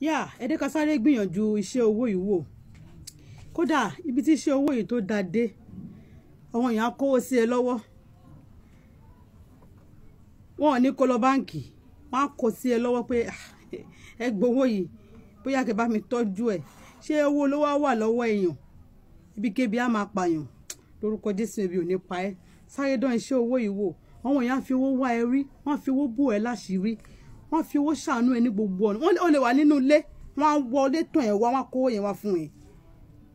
yá ẹdẹ ká sáré gbìyànjú iṣẹ́ owó yìí wò kódà ibi tí iṣẹ́ owó yìí tó dáa dé àwọn èèyàn kówó sí ẹ lọ́wọ́ wọn ò ní kó lọ báǹkì wọn á kó sí ẹ lọ́wọ́ pé ah, ẹ gbowó yìí bóyá kẹ́ bá mi tọ́jú ẹ ṣé owó ló wá wà lọ́wọ́ èèyàn ibikíbi á máa pààyàn lórúkọ Jésù ebi ò ní pa ẹ́ sáré dán iṣẹ́ owó yìí wò àwọn èèyàn fi owó wá ẹ rí wọ́n fi owó bò ẹ́ láṣìírí wọ́n fi owó ṣàánú ẹ ní gbogbo ọ̀nà wọ́n ó lè wà nínú ilé wọ́n á wọlé tàn ẹ̀ wá wọ́n á kó yẹn wá fún ẹ̀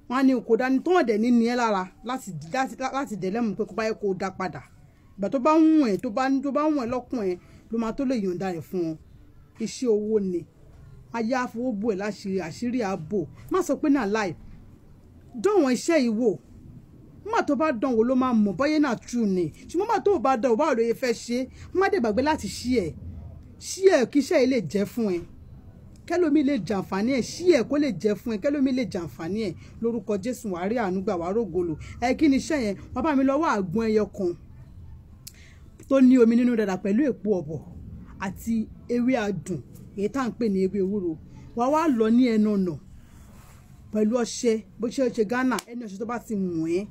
wọ́n á ní kò dání tó hàn dẹ̀ ní ni ẹ́ lára láti dẹ̀ lẹ́mu pé kó bá yẹ kó dá padà ìgbà tó bá ń wọ̀n ẹ̀ tó bá ń wọ̀n ẹ̀ lọ́kùn ẹ̀ ló máa tó lè yọ̀ǹda rẹ̀ fún ọ iṣẹ́ owó ni ayé àfọwọ́bù ẹ̀ láṣìírí àṣírí ààbò má sọ pé náà láì dánwọ̀n iṣẹ́ yìí wò má tó bá dánwò ló máa mọ̀ bọ́yé náà tù ní ṣùgbọ́n má tó bá dánwò báwo ló yẹ fẹ́ ṣe má dẹ̀ gbàgbé láti ṣí ẹ̀ ṣí ẹ̀ kí iṣẹ́ yìí lè jẹ́ fún ẹ kẹlòmí lè jàǹfààní ẹ ṣí ẹ kó lè jẹ fún ẹ kẹlòmí lè jàǹfààní ẹ lórúkọ jésù wàá rí àánú gbà wàá rògbòlò ẹ kí ni iṣẹ́ yẹn wọn bá mi lọ́wọ́ àgbọn ẹyọ kan tó ní omi nínú dàdà pẹ̀lú èpo ọ̀bọ̀ àti ewé adùn èyí tá à ń pè ní ewé ewúro wàá wá lọ ní ẹnu ọ̀nà pẹ̀lú ọṣẹ bó ṣe ṣe Ghana ẹni ọṣẹ tó bá ti wọ̀n ẹ́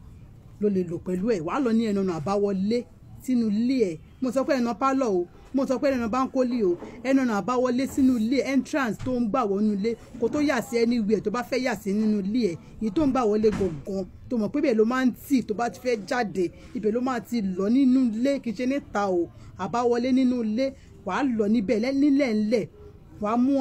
ló lè lò pẹ̀lú ẹ̀ wàá lọ ní ẹnu ọ̀nà àbáwọlé sínú ilé ẹ̀ mo sọ pé ẹnu mo sọ pé ẹnu bá ń kólé o ẹnu ọ̀nà àbáwọlé sínú ilé entrance tó ń gbà wọnú ilé kó tó yà sí anywhere tó bá fẹ́ yà sí nínú ilé ẹ̀ èyí tó ń gbà wọlé gangan tó mọ̀ pé ibẹ̀ ló máa ń tì tó bá ti fẹ́ jáde ibẹ̀ ló máa ti lọ nínú ilé kì í ṣe níta o àbáwọlé nínú ilé wàá lọ níbẹ̀ nílẹ̀ ńlẹ̀ wàá mú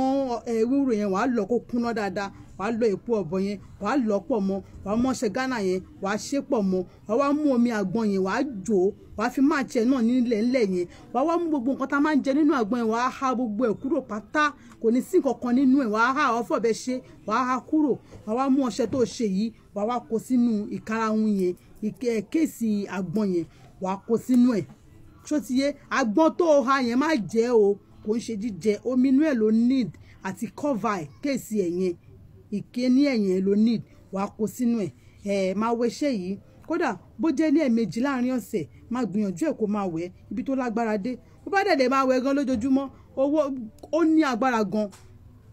ewúro yẹn wàá lọ kó kúnná dáadáa wàá lọ èpo ọ̀bọ yẹn wàá lọ pọ̀ mọ́ wàá mú ọṣẹ Ghana yẹn wàá ṣe pọ̀ mọ́ wàá wá mú omi àgbọn yẹn wàá jò ó wàá fi máa jẹ náà nílẹ̀ ńlẹ̀ yẹn wàá wá mú gbogbo nǹkan tá a máa ń jẹ nínú àgbọn yẹn wàá ha gbogbo ẹ̀ kúrò pátá kò ní sí kankan nínú ẹ̀ wàá ha ọ̀fọ̀ bẹ ṣe wàá ha kúrò wàá wá mú ọṣẹ tó ṣe yìí wàá wá kó sínú ìkarahun yẹn ìkéèsì àgbọn yẹn wàá kó sínú ẹ̀ ṣó ti yé àgbọn tó o ha yẹn má jẹ́ o kò ń ṣe jíjẹ omi inú ẹ̀ ló need àti cover ẹ̀ kéèsì ẹ̀yẹn ìké ní ẹ̀yẹn ló need wàá kó sínú ẹ̀ ẹ̀ máa wẹ iṣẹ́ yìí kódà bó jẹ́ ní ẹ̀ẹ̀mejì láàrin ọ̀sẹ̀ máa gbìyànjú ẹ̀ kó máa wẹ̀ ibi tó lágbára dé bó bá dẹ̀ máa wẹ̀ gan lójoojúmọ́ owó ó ní agbára gan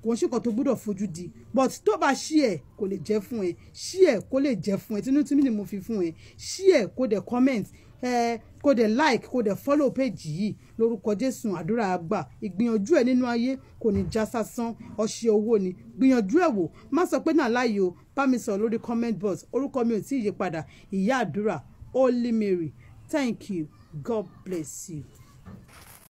kò ń ṣe nǹkan tó gbọ́dọ̀ fojú di but tó bá ṣí ẹ̀ kò lè jẹ́ fún ẹ ṣí ẹ̀ kò lè jẹ́ fún ẹ tinútinú ni mo fi fún ẹ ṣí ẹ̀ kò dẹ̀ comment ẹ kò like kò dẹ̀ follow page yìí lórúkọ Jésù àdúrà àgbà ìgbìyànjú ẹ nínú ayé kò ní já sásán ọṣẹ owó ni gbìyànjú ẹ wò má sọ pé náà láàyè o lórí comment box orúkọ mi ò tí ì yí padà ìyá àdúrà Holy Mary thank you God bless you.